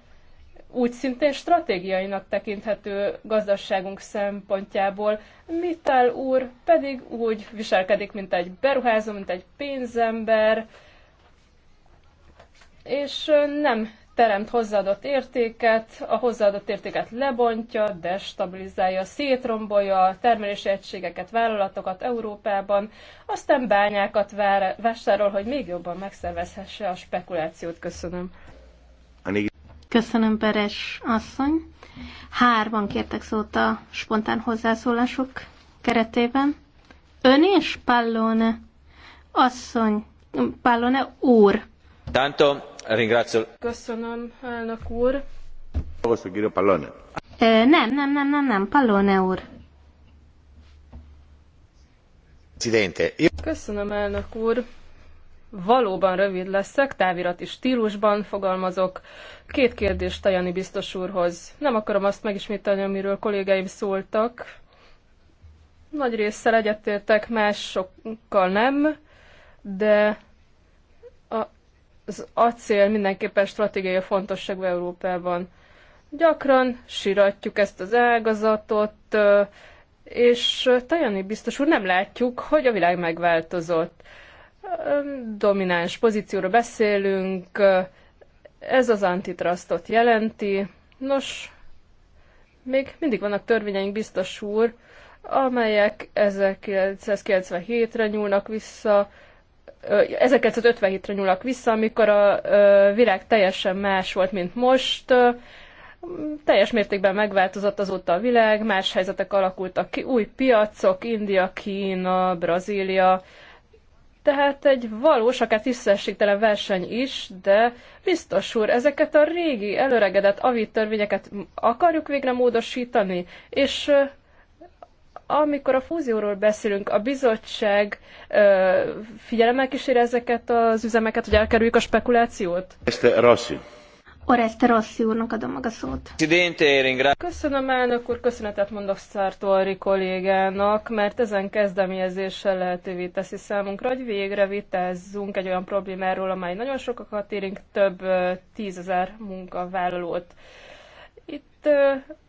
S3: úgy szintén stratégiainak tekinthető gazdaságunk szempontjából. Mittal úr pedig úgy viselkedik, mint egy beruházó, mint egy pénzember, és nem teremt hozzáadott értéket, a hozzáadott értéket lebontja, destabilizálja, szétrombolja a termelési egységeket, vállalatokat Európában, aztán bányákat vásárol, hogy még jobban megszervezhesse a spekulációt. Köszönöm.
S1: Köszönöm, Peres asszony. Hárman kértek szót a spontán hozzászólások keretében. Ön és Pallone asszony, Pallone úr. Tanto, ringrazio.
S3: Köszönöm, elnök úr. Pallone.
S1: nem, nem, nem, nem, nem, Pallone úr.
S3: Köszönöm, elnök úr. Valóban rövid leszek, távirati stílusban fogalmazok. Két kérdést Tajani biztos úrhoz. Nem akarom azt megismételni, amiről kollégáim szóltak. Nagy résszel egyetértek, másokkal nem, de az acél mindenképpen stratégiai fontosság Európában. Gyakran siratjuk ezt az ágazatot, és Tajani biztos úr nem látjuk, hogy a világ megváltozott domináns pozícióra beszélünk, ez az antitrustot jelenti. Nos, még mindig vannak törvényeink, biztos úr, amelyek 1997-re nyúlnak vissza, 1957-re nyúlnak vissza, amikor a világ teljesen más volt, mint most. Teljes mértékben megváltozott azóta a világ, más helyzetek alakultak ki, új piacok, India, Kína, Brazília, tehát egy valós, akár tisztességtelen verseny is, de biztos úr, ezeket a régi, előregedett avit törvényeket akarjuk végre módosítani, és amikor a fúzióról beszélünk, a bizottság ö, figyelemmel kísér ezeket az üzemeket, hogy elkerüljük a spekulációt?
S1: Ezt Rossi.
S3: Oreste Rossi úrnak adom meg a szót. Köszönöm elnök úr, köszönetet mondok Szártóari kollégának, mert ezen kezdeményezéssel lehetővé teszi számunkra, hogy végre vitázzunk egy olyan problémáról, amely nagyon sokakat érint, több tízezer munkavállalót. Itt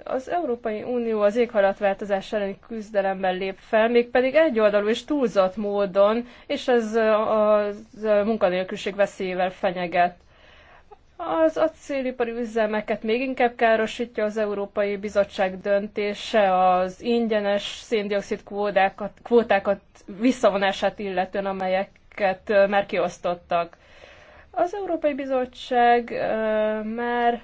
S3: az Európai Unió az éghajlatváltozás elleni küzdelemben lép fel, mégpedig egyoldalú és túlzott módon, és ez a munkanélküliség veszélyével fenyeget az acélipari üzemeket még inkább károsítja az Európai Bizottság döntése az ingyenes széndiokszid kvótákat, kvótákat visszavonását illetően, amelyeket már kiosztottak. Az Európai Bizottság már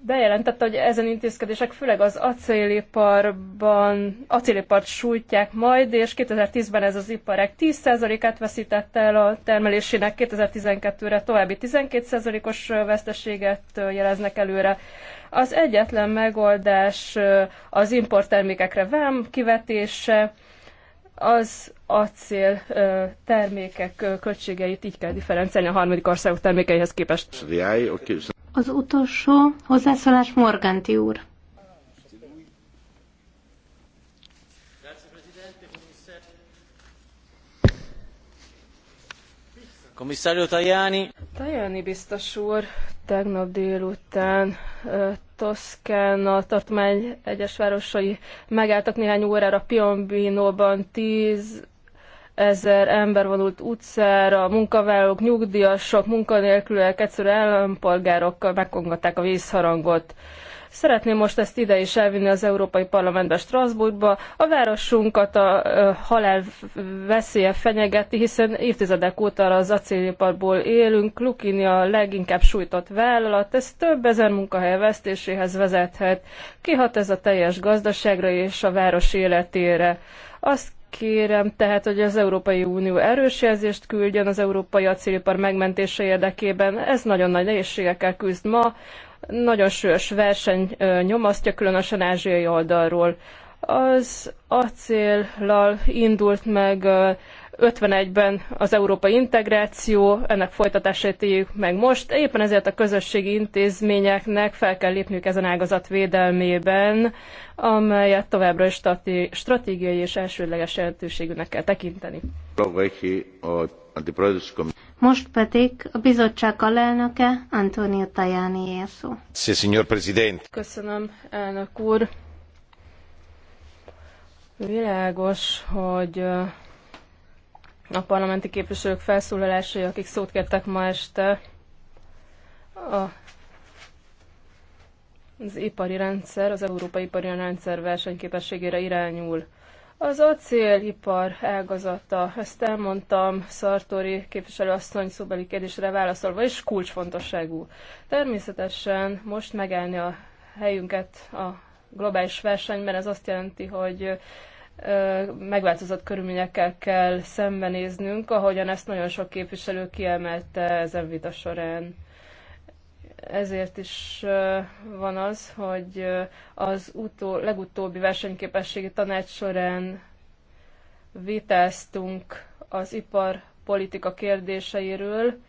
S3: bejelentette, hogy ezen intézkedések főleg az acéliparban, acélipart sújtják majd, és 2010-ben ez az iparek 10%-át veszítette el a termelésének, 2012-re további 12%-os veszteséget jeleznek előre. Az egyetlen megoldás az importtermékekre vám kivetése, az acél termékek költségeit így kell differenciálni a harmadik országok termékeihez képest. Az
S1: utolsó hozzászólás Morganti úr. Komisszárió Tajani.
S3: Tajani biztos úr tegnap délután Toszkána tartomány egyes városai megálltak néhány órára Piombinóban 10 ezer ember vonult utcára, munkavállalók, nyugdíjasok, munkanélkülek, egyszerű állampolgárokkal megkongatták a vízharangot. Szeretném most ezt ide is elvinni az Európai Parlamentbe, Strasbourgba. A városunkat a halál veszélye fenyegeti, hiszen évtizedek óta az acéliparból élünk. Lukini a leginkább sújtott vállalat, ez több ezer munkahely vesztéséhez vezethet. Kihat ez a teljes gazdaságra és a város életére. Azt Kérem tehát, hogy az Európai Unió erős jelzést küldjön az európai acélipar megmentése érdekében. Ez nagyon nagy nehézségekkel küzd ma. Nagyon sűrűs verseny nyomasztja, különösen ázsiai oldalról. Az acéllal indult meg 51-ben az európai integráció, ennek folytatását éljük meg most. Éppen ezért a közösségi intézményeknek fel kell lépniük ezen ágazat védelmében, amelyet továbbra is stratégiai és elsődleges jelentőségűnek kell tekinteni. Most
S1: pedig a bizottság alelnöke Antonio Tajani President.
S3: Köszönöm, elnök úr. Világos, hogy a parlamenti képviselők felszólalásai, akik szót kértek ma este a, az ipari rendszer, az európai ipari rendszer versenyképességére irányul. Az acélipar ágazata, ezt elmondtam Szartori képviselőasszony szóbeli kérdésre válaszolva, és kulcsfontosságú. Természetesen most megállni a helyünket a globális versenyben, ez azt jelenti, hogy megváltozott körülményekkel kell szembenéznünk, ahogyan ezt nagyon sok képviselő kiemelte ezen vita során. Ezért is van az, hogy az utó, legutóbbi versenyképességi tanács során vitáztunk az iparpolitika kérdéseiről,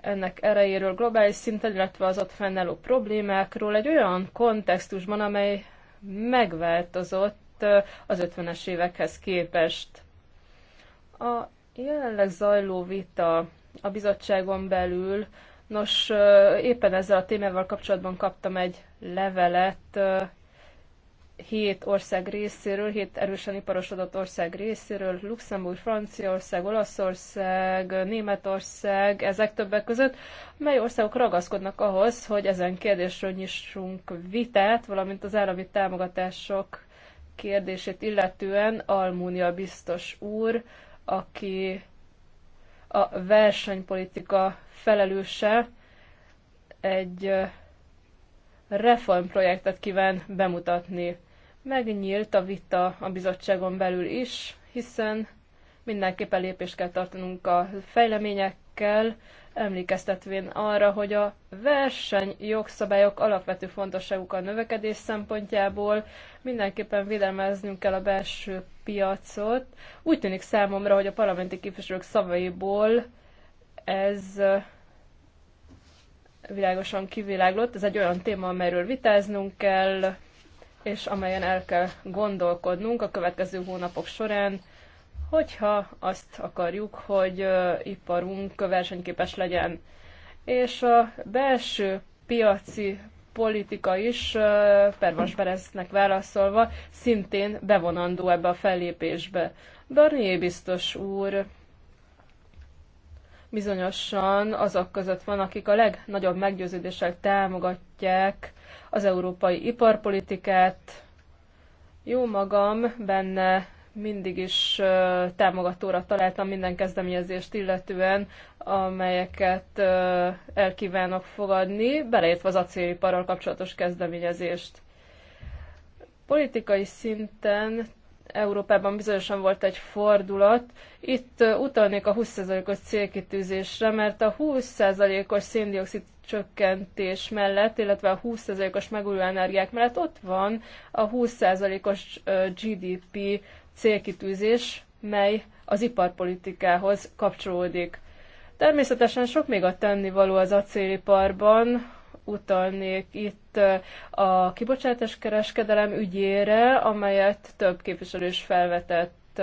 S3: ennek erejéről globális szinten, illetve az ott fennálló problémákról egy olyan kontextusban, amely megváltozott Hát, az 50-es évekhez képest. A jelenleg zajló vita a bizottságon belül, nos, éppen ezzel a témával kapcsolatban kaptam egy levelet hét ország részéről, hét erősen iparosodott ország részéről, Luxemburg, Franciaország, Olaszország, Németország, ezek többek között, mely országok ragaszkodnak ahhoz, hogy ezen kérdésről nyissunk vitát, valamint az állami támogatások kérdését illetően Almúnia biztos úr, aki a versenypolitika felelőse egy reformprojektet kíván bemutatni. Megnyílt a vita a bizottságon belül is, hiszen mindenképpen lépést kell tartanunk a fejleményekkel, emlékeztetvén arra, hogy a verseny jogszabályok alapvető fontosságuk a növekedés szempontjából, mindenképpen védelmeznünk kell a belső piacot. Úgy tűnik számomra, hogy a parlamenti képviselők szavaiból ez eh, világosan kiviláglott. Ez egy olyan téma, amelyről vitáznunk kell, és amelyen el kell gondolkodnunk a következő hónapok során hogyha azt akarjuk, hogy iparunk versenyképes legyen. És a belső piaci politika is, Pervas Bereznek válaszolva, szintén bevonandó ebbe a fellépésbe. Barnier biztos úr bizonyosan azok között van, akik a legnagyobb meggyőződéssel támogatják az európai iparpolitikát. Jó magam, benne mindig is támogatóra találtam minden kezdeményezést illetően, amelyeket elkívánok fogadni, beleértve az acéliparral kapcsolatos kezdeményezést. Politikai szinten Európában bizonyosan volt egy fordulat. Itt utalnék a 20%-os célkitűzésre, mert a 20%-os széndiokszid csökkentés mellett, illetve a 20%-os megújuló energiák mellett ott van a 20%-os GDP célkitűzés, mely az iparpolitikához kapcsolódik. Természetesen sok még a tennivaló az acéliparban, utalnék itt eh, a kibocsátás kereskedelem ügyére, amelyet több képviselő is felvetett.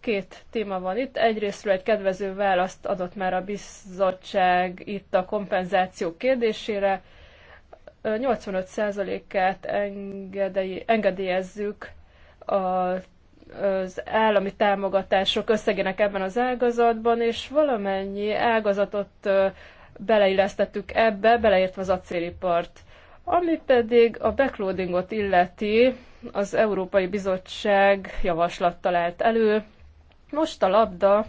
S3: Két téma van itt. Egyrésztről egy kedvező választ adott már a bizottság itt a kompenzáció kérdésére. 85%-át eh, engedélyezzük a az állami támogatások összegének ebben az ágazatban, és valamennyi ágazatot beleillesztettük ebbe, beleértve az acélipart. Ami pedig a backloadingot illeti, az Európai Bizottság javaslattal állt elő. Most a labda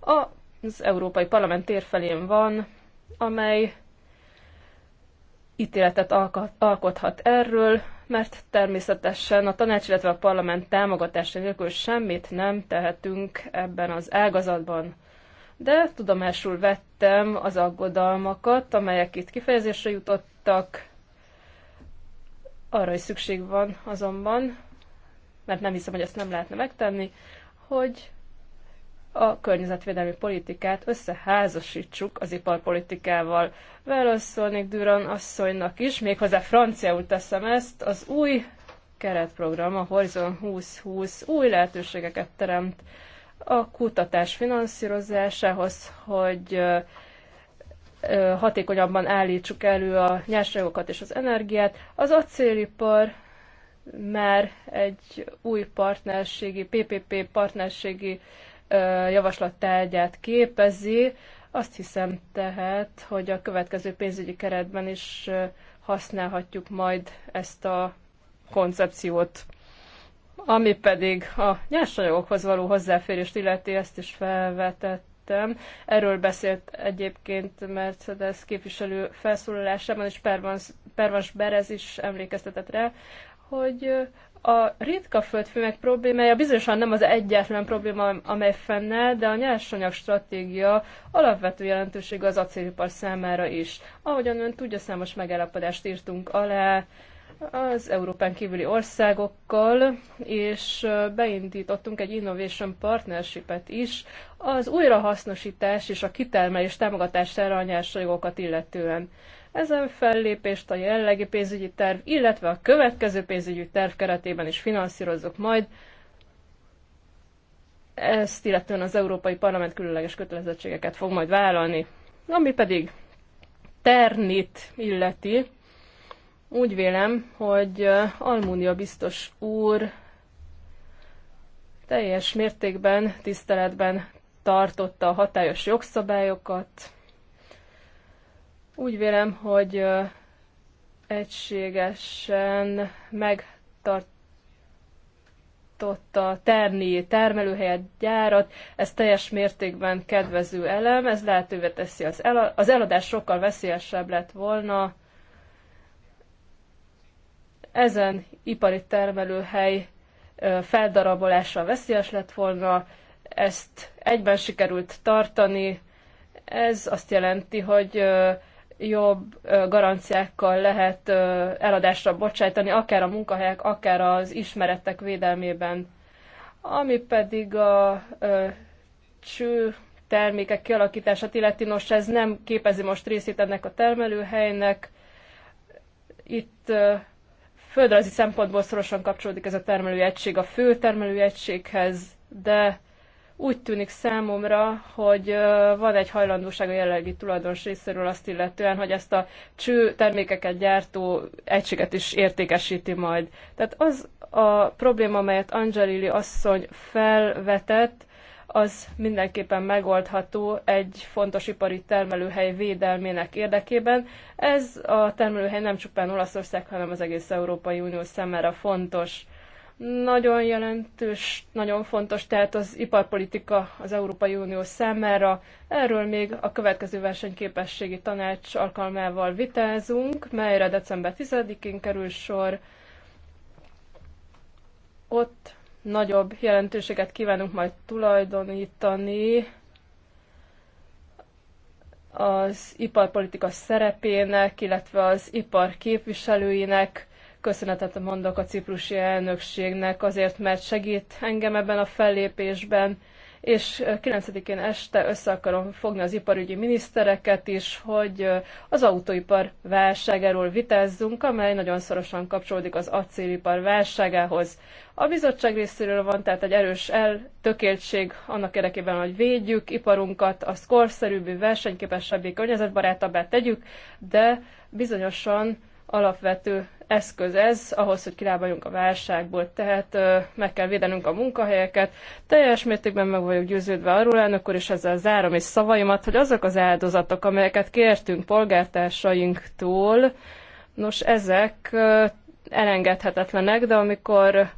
S3: az Európai Parlament térfelén van, amely ítéletet alkothat erről, mert természetesen a tanács, illetve a parlament támogatása nélkül semmit nem tehetünk ebben az ágazatban. De tudomásul vettem az aggodalmakat, amelyek itt kifejezésre jutottak. Arra is szükség van azonban, mert nem hiszem, hogy ezt nem lehetne megtenni, hogy a környezetvédelmi politikát összeházasítsuk az iparpolitikával. Válaszolnék Duran asszonynak is, méghozzá franciául teszem ezt, az új keretprogram, a Horizon 2020 új lehetőségeket teremt a kutatás finanszírozásához, hogy hatékonyabban állítsuk elő a nyersanyagokat és az energiát. Az acélipar már egy új partnerségi, PPP partnerségi javaslat képezi. Azt hiszem tehát, hogy a következő pénzügyi keretben is használhatjuk majd ezt a koncepciót. Ami pedig a nyersanyagokhoz való hozzáférést illeti, ezt is felvetettem. Erről beszélt egyébként Mercedes képviselő felszólalásában, és Pervans Berez is emlékeztetett rá, hogy a ritka földfémek problémája bizonyosan nem az egyetlen probléma, amely fennáll, de a nyersanyag stratégia alapvető jelentősége az acélipar számára is. Ahogyan ön tudja, számos megállapodást írtunk alá az Európán kívüli országokkal, és beindítottunk egy Innovation partnership is az újrahasznosítás és a kitermelés támogatására a nyersanyagokat illetően. Ezen fellépést a jelenlegi pénzügyi terv, illetve a következő pénzügyi terv keretében is finanszírozzuk majd. Ezt illetően az Európai Parlament különleges kötelezettségeket fog majd vállalni. Ami pedig Ternit illeti, úgy vélem, hogy Almunia biztos úr teljes mértékben, tiszteletben tartotta a hatályos jogszabályokat, úgy vélem, hogy egységesen megtartotta terni termelőhelyet, gyárat, ez teljes mértékben kedvező elem, ez lehetővé teszi az, el, az eladás sokkal veszélyesebb lett volna, ezen ipari termelőhely feldarabolása veszélyes lett volna, ezt egyben sikerült tartani. Ez azt jelenti, hogy jobb garanciákkal lehet eladásra bocsájtani, akár a munkahelyek, akár az ismeretek védelmében. Ami pedig a cső termékek kialakítását illeti, nos ez nem képezi most részét ennek a termelőhelynek. Itt földrajzi szempontból szorosan kapcsolódik ez a termelőegység a fő termelőegységhez, de úgy tűnik számomra, hogy van egy hajlandóság a jelenlegi tulajdonos részéről azt illetően, hogy ezt a cső termékeket gyártó egységet is értékesíti majd. Tehát az a probléma, amelyet Angelili asszony felvetett, az mindenképpen megoldható egy fontos ipari termelőhely védelmének érdekében. Ez a termelőhely nem csupán Olaszország, hanem az egész Európai Unió számára fontos. Nagyon jelentős, nagyon fontos tehát az iparpolitika az Európai Unió számára. Erről még a következő versenyképességi tanács alkalmával vitázunk, melyre december 10-én kerül sor. Ott nagyobb jelentőséget kívánunk majd tulajdonítani az iparpolitika szerepének, illetve az ipar képviselőinek Köszönetet mondok a ciprusi elnökségnek azért, mert segít engem ebben a fellépésben, és 9-én este össze akarom fogni az iparügyi minisztereket is, hogy az autóipar válságáról vitázzunk, amely nagyon szorosan kapcsolódik az acélipar válságához. A bizottság részéről van tehát egy erős eltökéltség annak érdekében, hogy védjük iparunkat, azt korszerűbbé, versenyképesebbé, környezetbarátabbá tegyük, de bizonyosan alapvető eszköz ez ahhoz, hogy kilábaljunk a válságból, tehát meg kell védenünk a munkahelyeket. Teljes mértékben meg vagyok győződve arról, elnök úr, és ezzel zárom és szavaimat, hogy azok az áldozatok, amelyeket kértünk polgártársainktól, nos, ezek elengedhetetlenek, de amikor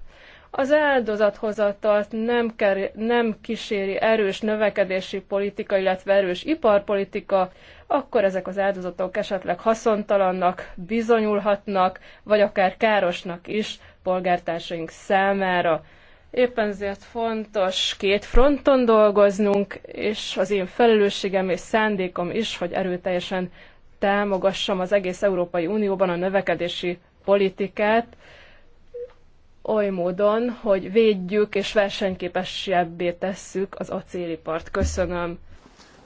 S3: az áldozathozatalt nem, ker, nem kíséri erős növekedési politika, illetve erős iparpolitika, akkor ezek az áldozatok esetleg haszontalannak bizonyulhatnak, vagy akár károsnak is polgártársaink számára. Éppen ezért fontos két fronton dolgoznunk, és az én felelősségem és szándékom is, hogy erőteljesen támogassam az egész Európai Unióban a növekedési politikát, oly módon, hogy védjük és versenyképesebbé tesszük az acélipart. Köszönöm.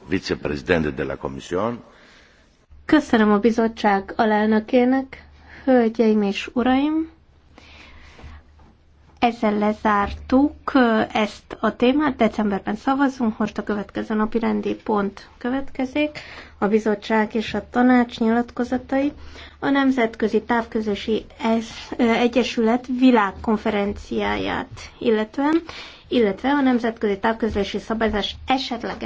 S1: Vicepresidente de la Köszönöm a bizottság alelnökének, hölgyeim és uraim! Ezzel lezártuk ezt a témát, decemberben szavazunk, most a következő napi rendi pont következik, a bizottság és a tanács nyilatkozatai. A Nemzetközi Távközösi Egyesület világkonferenciáját illetően, illetve a Nemzetközi Távközlési Szabályzás esetleg